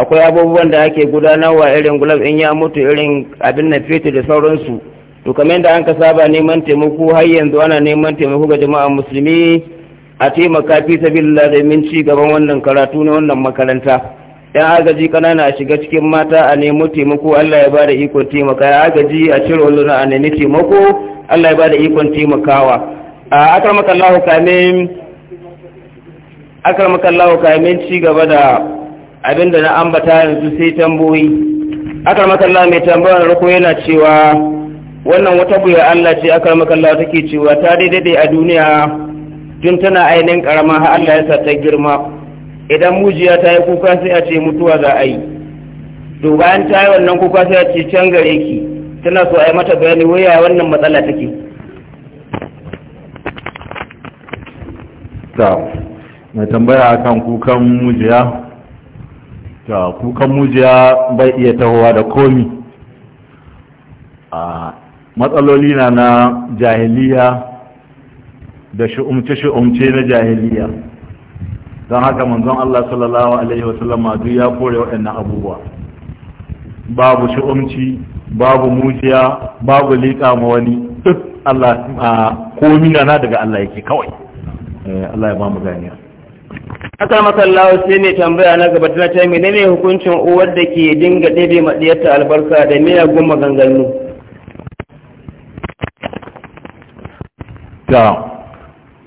akwai abubuwan da ake gudanarwa irin gulab in ya mutu irin abin na fetur da sauransu to kamar yadda an ka saba neman taimako har yanzu ana neman taimako ga jama'a musulmi a taimaka fi sabilillah min ci gaban wannan karatu na wannan makaranta yan agaji kanana a shiga cikin mata a nemo taimako Allah ya ba da ikon taimaka ya agaji a cire walluna a nemi taimako Allah ya ba da ikon taimakawa a akarmakallahu kamin akarmakallahu kamin ci gaba da abinda na ambata yanzu sai tamboyi akar makalla mai tambayar rako yana cewa wannan wata buya Allah ce akar makalla take cewa ta daidai a duniya tun tana ainihin karama har Allah ya sa ta girma idan mujiya ta yi kuka sai a ce mutuwa za a yi to bayan ta yi wannan kuka sai a ce can gare ki tana so a yi mata bayani waya wannan matsala take mai tambaya akan kukan mujiya ta kukan mujiya bai iya tahowa da komi a matsaloli na na jahiliya da shi'umce-shi'umce na jahiliya don haka manzon Allah sallallahu Alaihi wasallam duk ya kore waɗannan abubuwa babu shi'umci babu mujiya babu liƙa ma wani duk Allah komi na daga Allah yake kawai eh, Allah ya ba mu ganiya aka makallawa sai mai tambaya na gaba na ta ne hukuncin uwar da ke dinga ɗebe maɗiyarta albarka da miyagun maganganu ta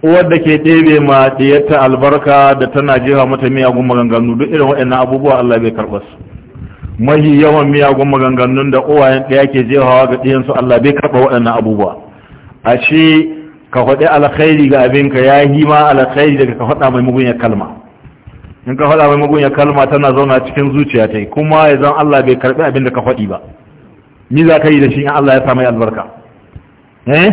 uwar da ke ɗebe maɗiyarta albarka da tana jefa mata miyagun maganganu duk irin waɗannan abubuwa Allah bai karɓa su mahi yawan miyagun maganganun da uwayen ɗaya ke jefawa ga ɗiyansu Allah bai karɓa waɗannan abubuwa a shi ka faɗi alkhairi ga abinka ya yi ma alkhairi daga ka faɗa mai ya kalma in ka faɗa mai magunya kalma tana zauna cikin zuciya ta kuma ya zan Allah bai karɓi abin da ka faɗi ba ni za ka yi da shi in Allah ya sa mai albarka eh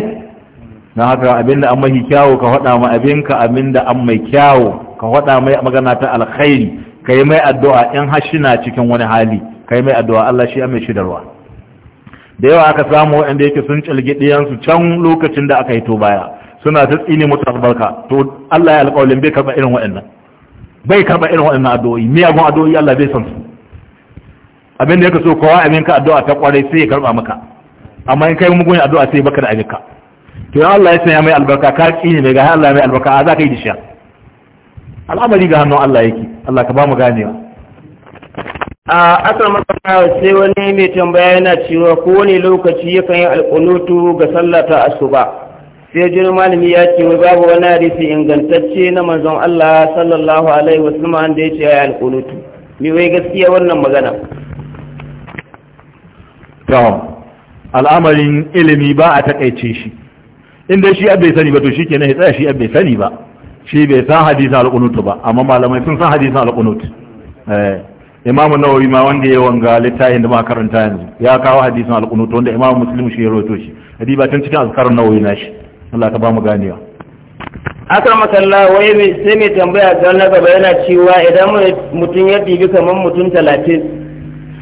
na haka abin da an mai kyawo ka faɗa mai abin ka abin da an mai kyawo ka faɗa mai magana ta alkhairi ka yi mai addu'a in har na cikin wani hali ka yi mai addu'a Allah shi ya mai shidarwa da yawa aka samu waɗanda yake sun cilgi ɗiyansu can lokacin da aka hito baya suna ta tsini mutu albarka to Allah ya alƙawalin bai karɓa irin waɗannan bai karɓa irin waɗannan addu'o'i miyagun addu'o'i Allah zai san su abin da yake so kowa amin ka addu'a ta kwarai sai ya karɓa maka amma in kai mugun addu'a sai baka da abinka to ya Allah ya san ya mai albarka ka kini ne ga Allah ya mai albarka a za ka yi dishiya al'amari ga hannun Allah yake Allah ka ba mu ganewa a asar masana sai wani mai tambaya yana cewa kowane lokaci yakan yi alƙunutu ga sallata asuba sai jini malami ya ce wai babu wani hadisi ingantacce na manzon Allah sallallahu alaihi wasallam da ya ce ya alƙunutu me wai gaskiya wannan magana to al'amarin ilimi ba a takaice shi inda shi bai sani ba to shi kenan ya tsaya shi bai sani ba shi bai san hadisi alƙunutu ba amma malamai sun san hadisi alƙunutu eh imamu nawawi ma wanda ya wanga littafin da ma karanta yanzu ya kawo hadisin alƙunutu wanda imamu muslim shi ya rawaito shi hadisi ba tun cikin azkarun nawawi na shi Allah ka ba mu ganewa aka makalla wai sai mai tambaya don na gaba yana cewa idan mutum ya ɗibi kamar mutum talatin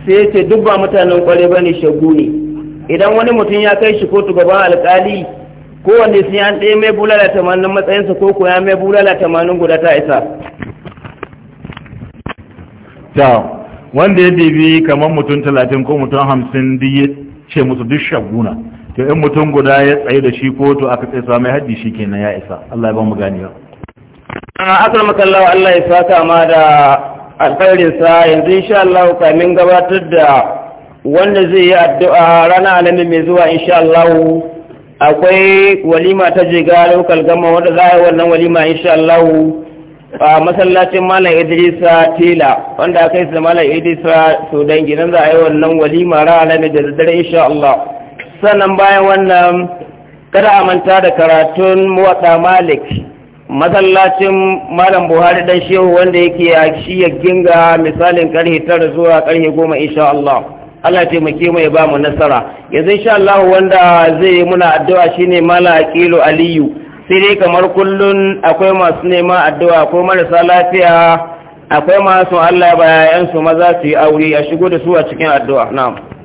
sai ce duk ba mutanen kwarai ba ne shagu ne idan wani mutum ya kai shi kotu gaban alkali kowanne sai an ɗaya mai bulala tamanin matsayinsa ko ko ya mai bulala tamanin guda ta isa ta wanda ya ɗibi kamar mutum talatin ko mutum hamsin duk ya ce musu duk shaguna to in mutum guda ya tsaye da shi ko to aka tsaye sa mai haddi shi kenan ya isa Allah ya ba mu ganewa asal makallawa Allah ya saka ma da alkhairin sa yanzu insha Allah kamin gabatar da wanda zai yi addu'a rana alamin mai zuwa insha Allah akwai walima ta jiga lokal gama wanda za a yi wannan walima insha Allah a masallacin malam idrisa tela wanda aka yi su malam idrisa so dangi nan za a yi wannan walima ranar alamin da daddare insha Allah sannan bayan wannan kada a manta da karatun muwaɗa malik masallacin malam buhari dan shehu wanda yake a shiya ginga misalin karhe tara zuwa karhe goma insha Allah Allah taimake mu ya ba mu nasara yanzu insha Allah wanda zai yi muna addu'a shine mala aqilu aliyu sai dai kamar kullun akwai masu nema addu'a ko marasa lafiya akwai masu Allah bayan su maza su yi aure a shigo da su a cikin addu'a na'am